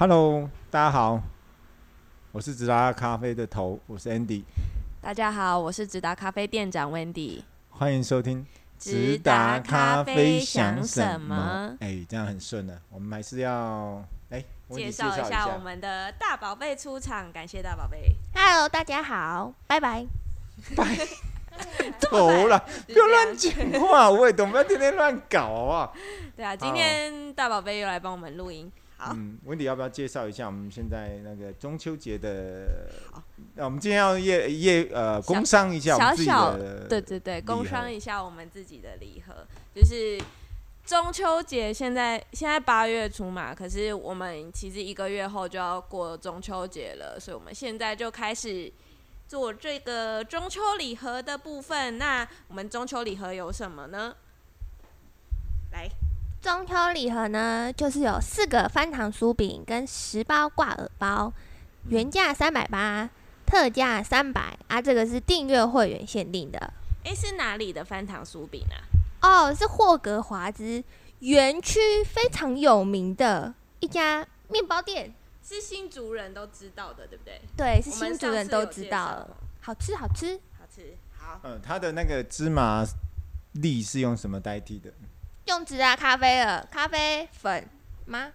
Hello，大家好，我是直達咖啡的頭，我是 Andy。大家好，我是直達咖啡店長 Wendy。歡迎收聽直達咖啡想什麼？哎、欸，這樣很順了。我們還是要、欸、介紹一,一下我們的大寶貝出場。感謝大寶貝。Hello，大家好，拜拜 bye。拜頭了， 不要亂講話， 我也懂，不要天天亂搞啊。對啊，今天大寶貝又來幫我們錄音。好嗯，溫迪要不要介紹一下我們現在那個中秋節的？好，那、啊、我們今天要夜夜呃，小工商一下我們自己的小小，對對對，工商一下我們自己的禮盒，就是中秋節現在現在八月初嘛，可是我們其實一個月後就要過中秋節了，所以我們現在就開始做這個中秋禮盒的部分。那我們中秋禮盒有什麼呢？來。中秋禮盒呢，就是有四個翻糖酥餅跟十包掛耳包，原價三百八，特價三百啊。這個是訂閱會員限定的。哎、欸，是哪裡的翻糖酥餅啊？哦，是霍格華茲園區非常有名的一家麵包店，是新竹人都知道的，對不對？對，是新竹人都知道的。好吃，好吃，好吃，好、呃。嗯，它的那個芝麻粒是用什麼代替的？用直達，咖啡的咖啡粉嗎？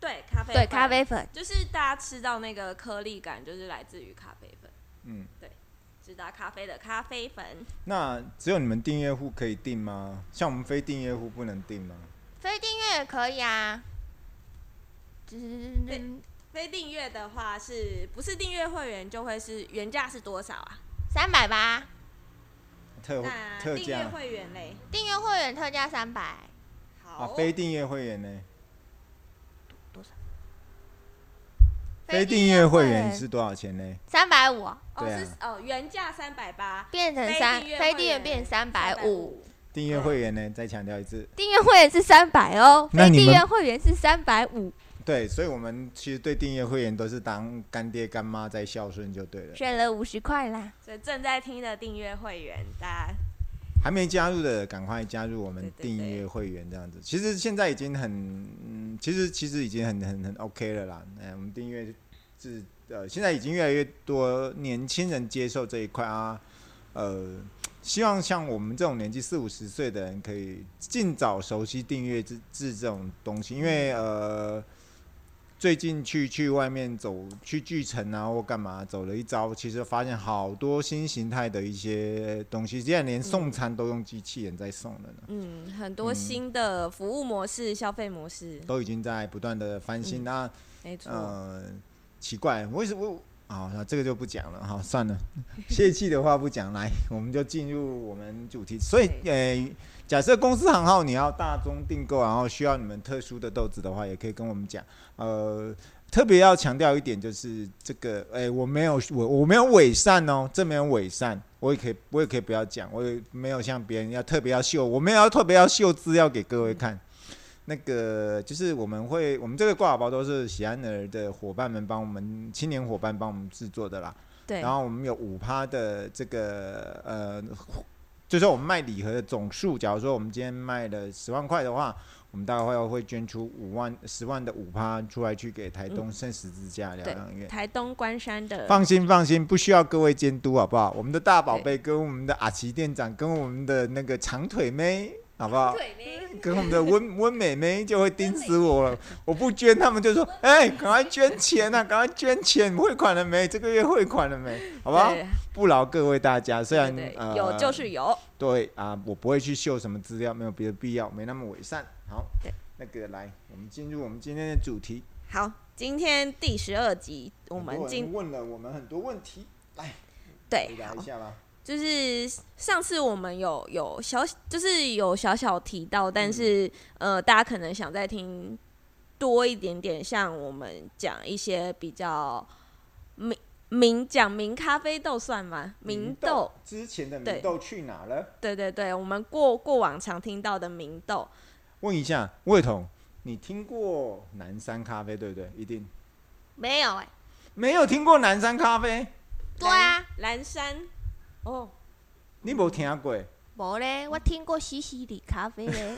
對，咖啡粉對咖啡粉，就是大家吃到那個顆粒感，就是來自於咖啡粉。嗯，對，直達咖啡的咖啡粉。那只有你們訂閱戶可以訂嗎？像我們非訂閱戶不能訂嗎？非訂閱也可以啊。是非訂閱的話是，是不是訂閱會員就會是原價是多少啊？三百八。特特價會員嘞，訂閱會員特價三百。特好啊，非訂閱會員呢？多少？非訂閱會員是多少錢呢？三百五。對啊，哦是，哦，原價三百八，變成三，非訂閱變三百五。訂閱會員呢？再強調一次，訂閱對會員是三百哦，非訂閱會員是三百五。對，所以，我們其實對訂閱會員都是當乾爹乾媽在孝順就對了。對。選了五十塊啦，所以正在聽的訂閱會員大，大家還沒加入的趕快加入我們訂閱會員這樣子。對對對。其實現在已經很，嗯，其實其實已經很很很 OK 了啦。哎，我們訂閱制，呃，現在已經越來越多年輕人接受這一塊啊。呃，希望像我們這種年紀四五十歲的人，可以儘早熟悉訂閱制制這種東西，因為呃。最近去去外面走，去巨城啊，或幹嘛，走了一遭，其實發現好多新形態的一些東西，現在連送餐都用機器人在送了呢。嗯，很多新的服務模式、嗯、消費模式都已經在不斷的翻新。那沒錯，呃，奇怪，為什麼？好、哦，那這個就不講了哈，算了，泄氣的話不講， 來，我們就進入我們主題。所以，誒對。欸欸假設公司行號你要大宗訂購，然後需要你們特殊的豆子的話，也可以跟我們講。呃，特別要強調一點就是這個，哎、欸，我沒有我我沒有偽善哦，這沒有偽善，我也可以我也可以不要講，我也沒有像別人要特別要秀，我沒有要特別要秀資料給各位看。那個就是我們會我們這個掛耳包都是喜憨兒的夥伴們幫我們青年夥伴幫我們制作的啦。對。然後我們有五趴的這個呃。就是我們賣禮盒的總數，假如說我們今天賣了十萬塊的話，我們大概會會捐出五萬、十萬的五趴出來去給台東聖十字架療養院、嗯。台東關山的。放心放心，不需要各位監督好不好？我們的大寶貝跟我們的阿奇店長跟我們的那個長腿妹，好不好？跟我們的溫溫妹妹就會盯死我了，我不捐，他們就說：“哎，趕快捐錢啊，趕快捐錢，匯款了沒？這個月匯款了沒？好吧，不勞各位大家。雖然有就是有，對啊，我不會去秀什麼資料，沒有別的必要，沒那麼偽善。好，那個來，我們進入我們今天的主題。好，今天第十二集，我們問了我們很多問題，來，對，講一下吧。就是上次我們有有小，就是有小小提到，但是、嗯、呃，大家可能想再聽多一點點，像我們講一些比較名名講名咖啡豆算嗎？名豆，名豆之前的名豆去哪了？對，對對對，我們過過往常聽到的名豆。問一下魏彤，你聽過藍山咖啡對不對，對？一定沒有哎、欸，沒有聽過藍山咖啡。對啊，藍山。哦，oh, 你沒聽過？沒咧，我聽過西西里咖啡咧。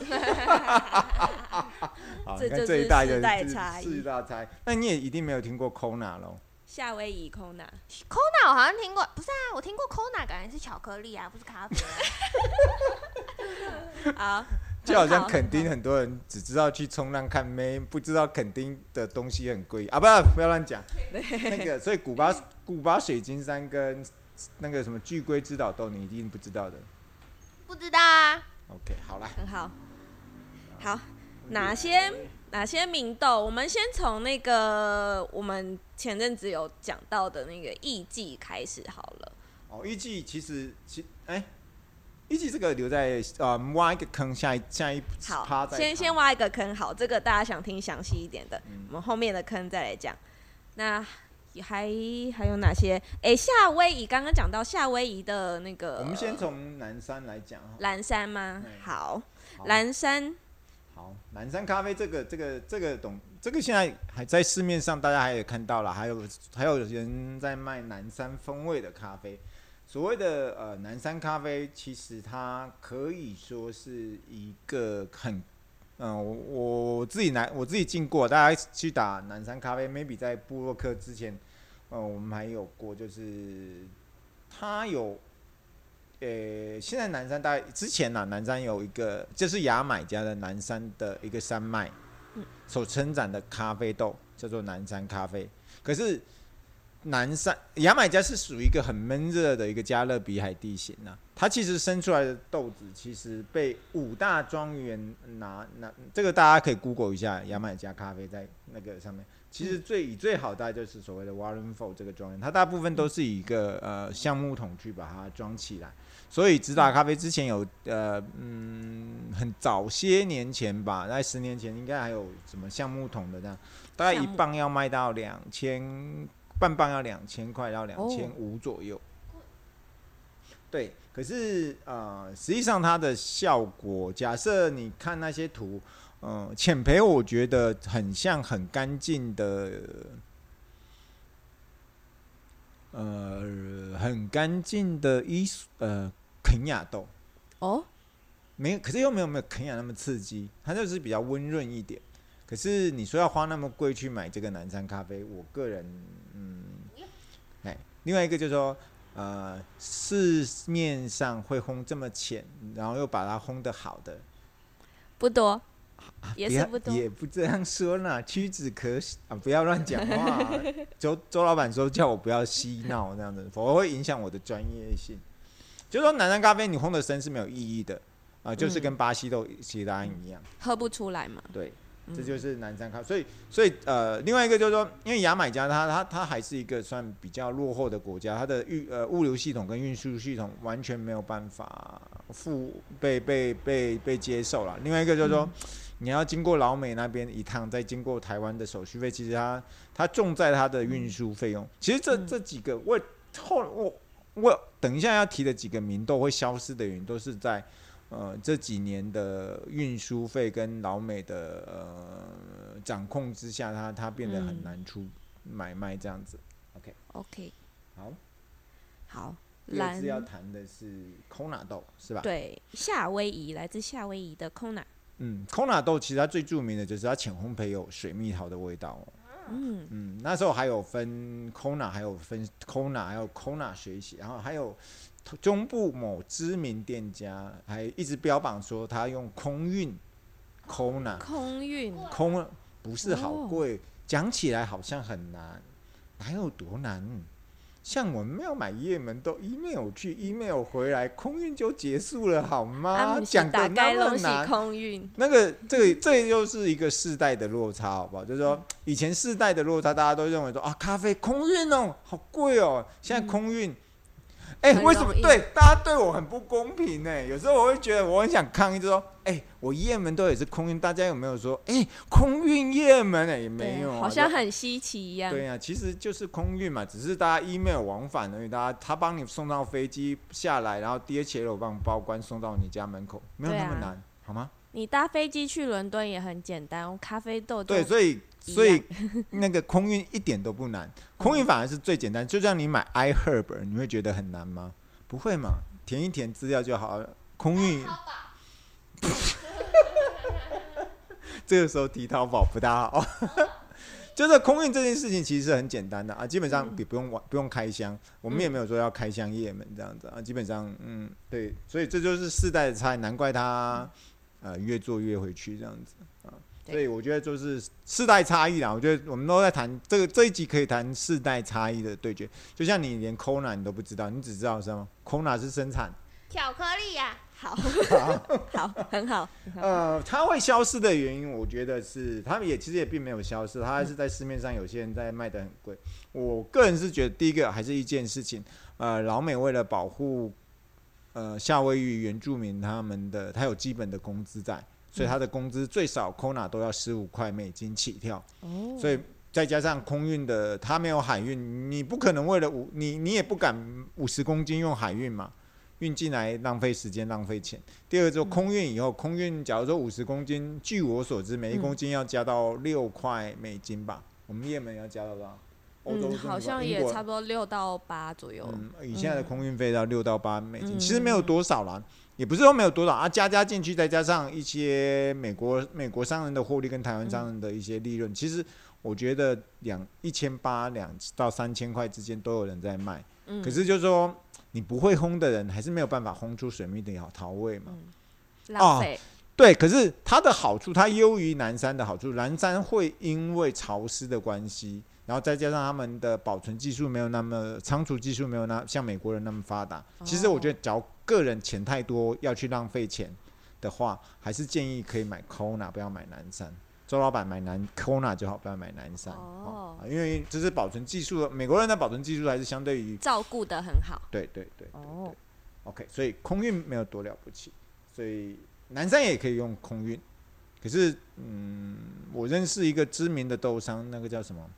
好這就是時四大差異。那你也一定沒有聽過 Kona 夏威夷 Kona Kona 我好像聽過，不是啊，我聽過 Kona 感覺是巧克力啊，不是咖啡。啊， 好，就好像墾丁很多人只知道去衝浪看妹，不知道墾丁的東西很貴啊！不啊，不要亂講 那個，所以古巴 古巴水晶山跟。那個什麼巨龜之島豆，你一定不知道的，不知道啊。OK，好了，很好，好，嗯、哪些、嗯、哪些名豆？我們先從那個我們前陣子有講到的那個藝妓開始好了。哦，藝妓其實其哎，藝妓這個留在呃、啊、挖一個坑下一下一步，好，先先挖一個坑，好，這個大家想聽詳細一點的，嗯、我們後面的坑再來講。那還還有哪些？哎，夏威夷剛剛講到夏威夷的那個，我們、嗯呃、先從藍山來講哈。藍山嗎？嗯、好，好藍山。好，藍山咖啡這個這個這個懂，這個現在還在市面上，大家還有看到了，還有還有人在賣藍山風味的咖啡。所謂的呃藍山咖啡，其實它可以說是一個很。嗯，我自來我自己南我自己進過，大家去打藍山咖啡，maybe 在布洛克之前，嗯，我們還有過，就是他有，呃、欸，現在藍山大之前呢、啊，藍山有一個，就是牙買加的藍山的一個山脈，所生長的咖啡豆叫做藍山咖啡，可是。藍山牙買加是屬於一個很悶熱的一個加勒比海地形呢、啊，它其實生出來的豆子其實被五大莊園拿拿這個，大家可以 Google 一下牙買加咖啡在那個上面，其實最以最好大概就是所謂的 Warren Ford 這個莊園，它大部分都是以一個呃橡木桶去把它裝起來，所以直達咖啡之前有呃嗯很早些年前吧，在十年前應該還有什麼橡木桶的這樣，大概一磅要賣到兩千。半磅要兩千塊到兩千五左右，oh. 對，可是呃，實際上它的效果，假設你看那些圖，嗯、呃，淺焙我覺得很像很乾淨的，呃，很乾淨的伊，呃，肯亞豆，哦，oh. 沒有，可是又沒有沒有肯亞那麼刺激，它就是比較溫潤一點。可是你說要花那麼貴去買這個藍山咖啡，我個人，嗯，另外一個就是說，呃，市面上會烘這麼淺，然後又把它烘得好的，不多，啊、也是不多、啊，也不這樣說呢。屈指可啊，不要亂講話。 周周老板說叫我不要嬉鬧那樣子，否則會影響我的專業性。就是說藍山咖啡你烘得深是沒有意義的啊，就是跟巴西豆其他一,一樣、嗯嗯，喝不出來嘛。對。嗯、這就是藍山咖，所以所以呃，另外一個就是說，因為牙買加它它它還是一個算比較落後的國家，它的運呃物流系統跟運輸系統完全沒有辦法付，嗯、被被被被接受了。另外一個就是說，嗯、你要經過老美那邊一趟，再經過台灣的手續費，其實它它重在它的運輸費用。其實這、嗯、這幾個我後我我等一下要提的幾個名豆會消失的原因都是在。呃，這幾年的運輸費跟老美的呃掌控之下，它它變得很難出、嗯、買賣這樣子。OK，OK，okay, Okay. 好，好。第二次要談的是可娜豆藍是吧？對，夏威夷來自夏威夷的可娜。嗯，可娜豆其實它最著名的就是它淺烘焙有水蜜桃的味道、哦。嗯嗯，那時候還有分可娜，還有分可娜，還有可娜水洗，然後還有。中部某知名店家還一直標榜說他用空運，空哪？空運空不是好貴，講起來好像很難，哪有多難？像我們沒有買葉門都 email 去 email 回來，空運就結束了好嗎？講的那麼難？空運那個這個這又是一個世代的落差，好不好？就是說以前世代的落差，大家都認為說啊，咖啡空運哦，好貴哦，現在空運。哎、欸，為什麼對大家對我很不公平呢、欸？有時候我會覺得我很想抗議，就說：哎、欸，我葉門都也是空運，大家有沒有說？哎、欸，空運葉門呢、欸，也沒有、啊、啊、就好像很稀奇一樣。對呀、啊，其實就是空運嘛，只是大家 email 往返而已，因為大家他幫你送到飛機下來，然後 DHL 幫你包關送到你家門口，沒有那麼難，啊、好嗎？你搭飛機去倫敦也很簡單，咖啡豆，豆對，所以。所以那個空運一點都不難，空運反而是最簡單。就像你買 iHerb，你會覺得很難嗎？不會嘛，填一填資料就好。空運。操 這個時候提淘寶不大好。 就是空運這件事情其實是很簡單的啊，基本上你不用不用開箱。我們也沒有說要開箱驗門這樣子啊，基本上嗯對，所以這就是世代的差異，難怪他、啊、越做越回去這樣子啊。對 所以我覺得就是世代差異啦。我覺得我們都在談這個這一集可以談世代差異的對決。就像你連 Kona 你都不知道，你只知道什麼？Kona 是生產巧克力呀？好好好，很好。呃，它會消失的原因，我覺得是他們也其實也並沒有消失，它還是在市面上，有些人在賣得很貴。我個人是覺得第一個還是一件事情，呃，老美為了保護呃夏威夷原住民他們的，他有基本的工資在。所以他的工資最少，Kona 都要十五塊美金起跳。所以再加上空運的，他沒有海運，你不可能為了五，你你也不敢五十公斤用海運嘛，運進來，浪費時間浪費錢。第二，就空運以後，空運假如說五十公斤，據我所知，每一公斤要加到六塊美金吧。我們葉門要加到多少？嗯，好像也差不多六到八左右。嗯。以現在的空運費要六到八美金，其實沒有多少啦。也不是說沒有多少啊，加加進去，再加上一些美國美國商人的獲利跟台灣商人的一些利潤，嗯、其實我覺得兩一千八兩到三千塊之間都有人在賣。嗯、可是就是說你不會烘的人，還是沒有辦法烘出水蜜的桃味嘛、嗯哦。對。可是它的好處，它優於藍山的好處。藍山會因為潮濕的關係，然後再加上他們的保存技術沒有那麼倉儲技術沒有那像美國人那麼發達。哦、其實我覺得腳。個人錢太多要去浪費錢的話，還是建議可以買 Kona，不要買藍山。周老闆買南 Kona 就好，不要買藍山。哦、啊，因為這是保存技術，美國人的保存技術還是相對於照顧得很好。對對，對對對。哦、OK，所以空運沒有多了不起，所以藍山也可以用空運。可是，嗯，我認識一個知名的豆商，那個叫什麼？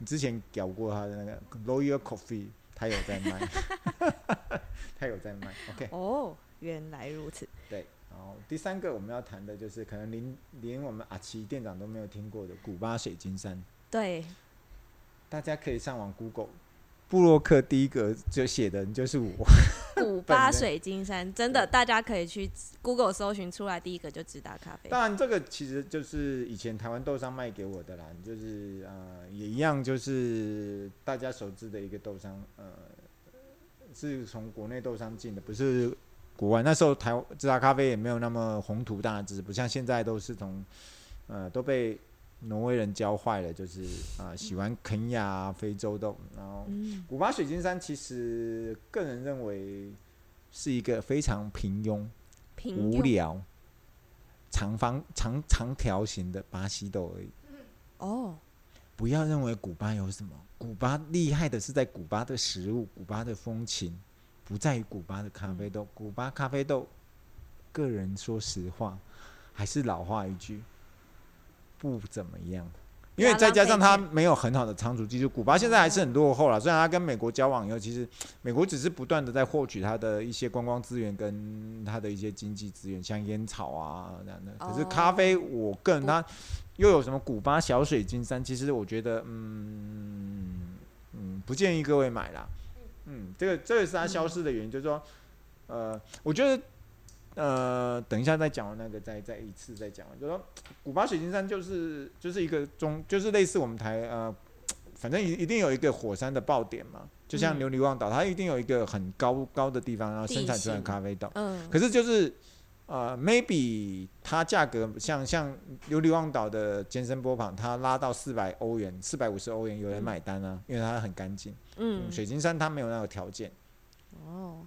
你之前咬過他的那個 Royal Coffee，他有在賣。 他有在賣，OK。哦，原來如此。對，然後第三個我們要談的就是可能連連我們阿奇店長都沒有聽過的古巴水晶山。對，大家可以上網 Google，部落客第一個就寫的，你就是我。古巴水晶山真的，大家可以去 Google 搜尋出來，第一個就直達咖啡。當然，這個其實就是以前台灣豆商賣給我的啦，就是呃，也一樣，就是大家熟知的一個豆商，呃。是從國內豆商進的，不是國外。那時候台灣自家咖啡也沒有那麼宏圖大志，不像現在都是從，呃，都被挪威人教壞了，就是啊、呃，喜歡肯亞、非洲豆。然後古巴水晶山其實個人認為是一個非常平庸、無聊、長方長長條形的巴西豆而已。哦。不要認為古巴有什麼，古巴厲害的是在古巴的食物、古巴的風情，不在於古巴的咖啡豆。古巴咖啡豆，個人說實話，還是老話一句，不怎麼樣。因為再加上它沒有很好的倉儲技術，古巴現在還是很落後啦。雖然它跟美國交往以後，其實美國只是不斷的在獲取它的一些觀光資源，跟它的一些經濟資源，像煙草啊這樣的。可是咖啡，我個人它又有什麼古巴小水晶山？其實我覺得，嗯嗯，不建議各位買啦。嗯，這個這個是它消失的原因，就是說，呃，我覺得。呃，等一下再講那個再再一次再講了，就說古巴水晶山就是就是一個中，就是類似我們台呃，反正一一定有一個火山的爆點嘛，就像留尼旺島，嗯、它一定有一個很高高的地方，然後生產出來的咖啡豆。嗯。呃、可是就是呃，maybe 它價格像像留尼旺島的尖身波旁，它拉到四百歐元、四百五十歐元有人買單啊，嗯、因為它很乾淨。嗯，嗯。水晶山它沒有那個條件。哦。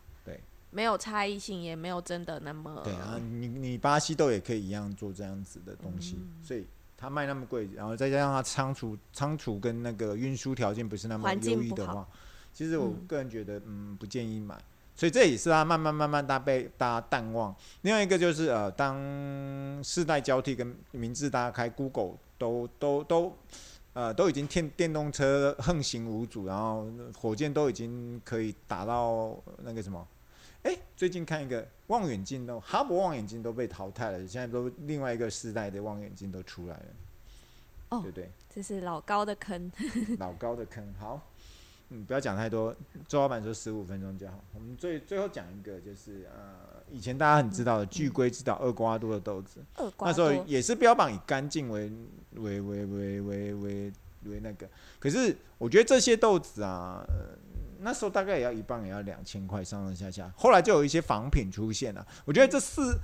沒有差異性，也沒有真的那麼對啊。你你巴西豆也可以一樣做這樣子的東西，嗯、所以它賣那麼貴，然後再加上它倉儲倉儲跟那個運輸條件不是那麼優異的話，其實我個人覺得嗯，嗯不建議買。所以這也是它慢慢慢慢被大家淡忘。另外一個就是呃，當世代交替跟名字打開，Google 都都都呃都已經電電動車橫行無阻，然後火箭都已經可以打到那個什麼。誒，最近看一個望遠鏡，都哈勃望遠鏡都被淘汰了，現在都另外一個世代的望遠鏡都出來了，哦，對不對？這是老高的坑， 老高的坑。好，嗯，不要講太多，周老闆說十五分鐘就好。我們最最後講一個，就是呃，以前大家很知道的巨龜之島，厄瓜多的豆子，厄瓜多那時候也是標榜以乾淨為為為，為為為為為為那個，可是我覺得這些豆子啊。呃那時候大概也要一磅，也要兩千塊，上上下下。後來就有一些仿品出現了。我覺得這四，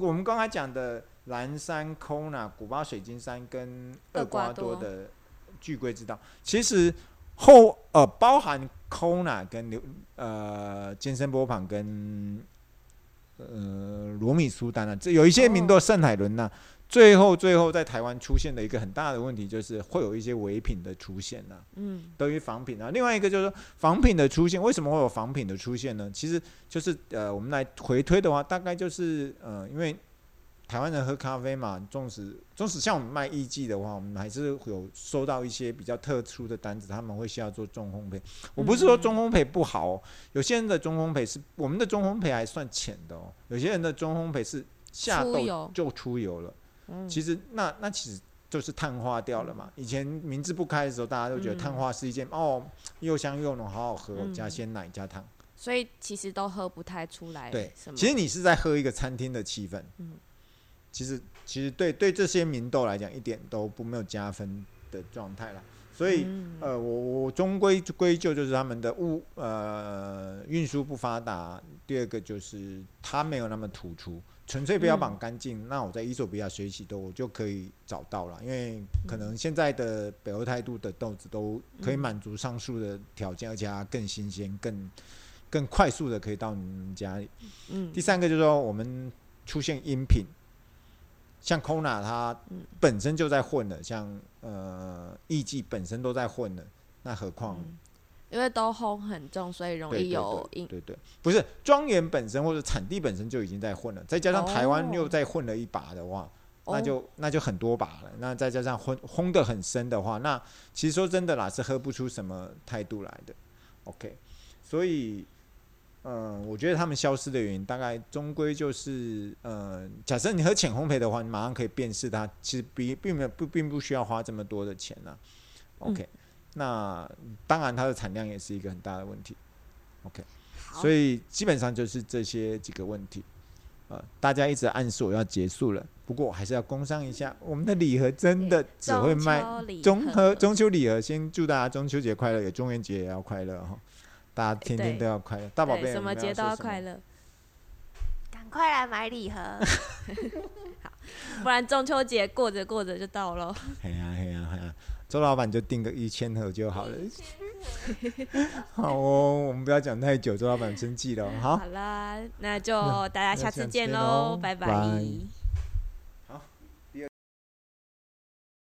我們剛才講的藍山、可娜、古巴水晶山跟厄瓜多的巨龜之島，其實後呃包含可娜跟留呃尖身波旁跟呃羅米蘇丹啊，這有一些名的聖海倫娜、啊。哦最後，最後在台灣出現的一個很大的問題，就是會有一些偽品的出現吶、啊，嗯，對於仿品啊。另外一個就是說仿品的出現，為什麼會有仿品的出現呢？其實就是呃，我們來回推的話，大概就是呃，因為台灣人喝咖啡嘛，縱使縱使像我們賣藝妓的話，我們還是有收到一些比較特殊的單子，他們會需要做中烘焙。我不是說中烘焙不好、喔，有些人的中烘焙是我們的中烘焙還算淺的哦、喔，有些人的中烘焙是下豆就出油了。嗯、其實那那其實就是碳化掉了嘛。以前名字不開的時候，大家都覺得碳化是一件、嗯、哦，又香又濃，好好喝，嗯、加鮮奶加糖。所以其實都喝不太出來。對，其實你是在喝一個餐廳的氣氛。嗯、其實其實對對這些名豆來講一點都不沒有加分的狀態啦。所以、嗯、呃我我終歸歸咎就是他們的物呃運輸不發達，第二個就是它沒有那麼突出。純粹比較綁乾淨，嗯、那我在伊索比亞學習的，我就可以找到了，因為可能現在的北歐態度的豆子都可以滿足上述的條件，嗯、而且它更新鮮、更、更快速的可以到你們家裡。嗯、第三個就是說，我們出現音頻，像 Kona 它本身就在混的，嗯、像呃藝伎本身都在混的，那何況。嗯因為都烘很重，所以容易有印。對，對對，不是莊園本身或者產地本身就已經在混了，再加上台灣又再混了一把的話，oh. 那就那就很多把了。那再加上烘烘得很深的話，那其實說真的啦，是喝不出什麼態度來的。OK，所以，嗯、呃，我覺得他們消失的原因，大概終歸就是，嗯、呃，假設你喝淺烘焙的話，你馬上可以辨識它。其實並並沒有不並不需要花這麼多的錢呢、啊。OK、嗯。那當然，它的產量也是一個很大的問題。OK，好所以基本上就是這些幾個問題。呃，大家一直暗示我要結束了，不過我還是要工商一下，我們的禮盒真的只會賣中和中秋禮盒。中秋禮盒，先祝大家中秋節快樂，嗯、也中元節也要快樂哈！大家天天都要快樂，大寶貝什麼節都要快樂，趕快來買禮盒 好，不然中秋節過着過着就到嘍。嘿呀、 啊，嘿呀、啊，嘿呀、啊。周老闆就訂個一千盒就好了。 好哦，我們不要講太久，周老闆生氣了。好， 好啦，那就大家下次見嘍，見咯，拜拜。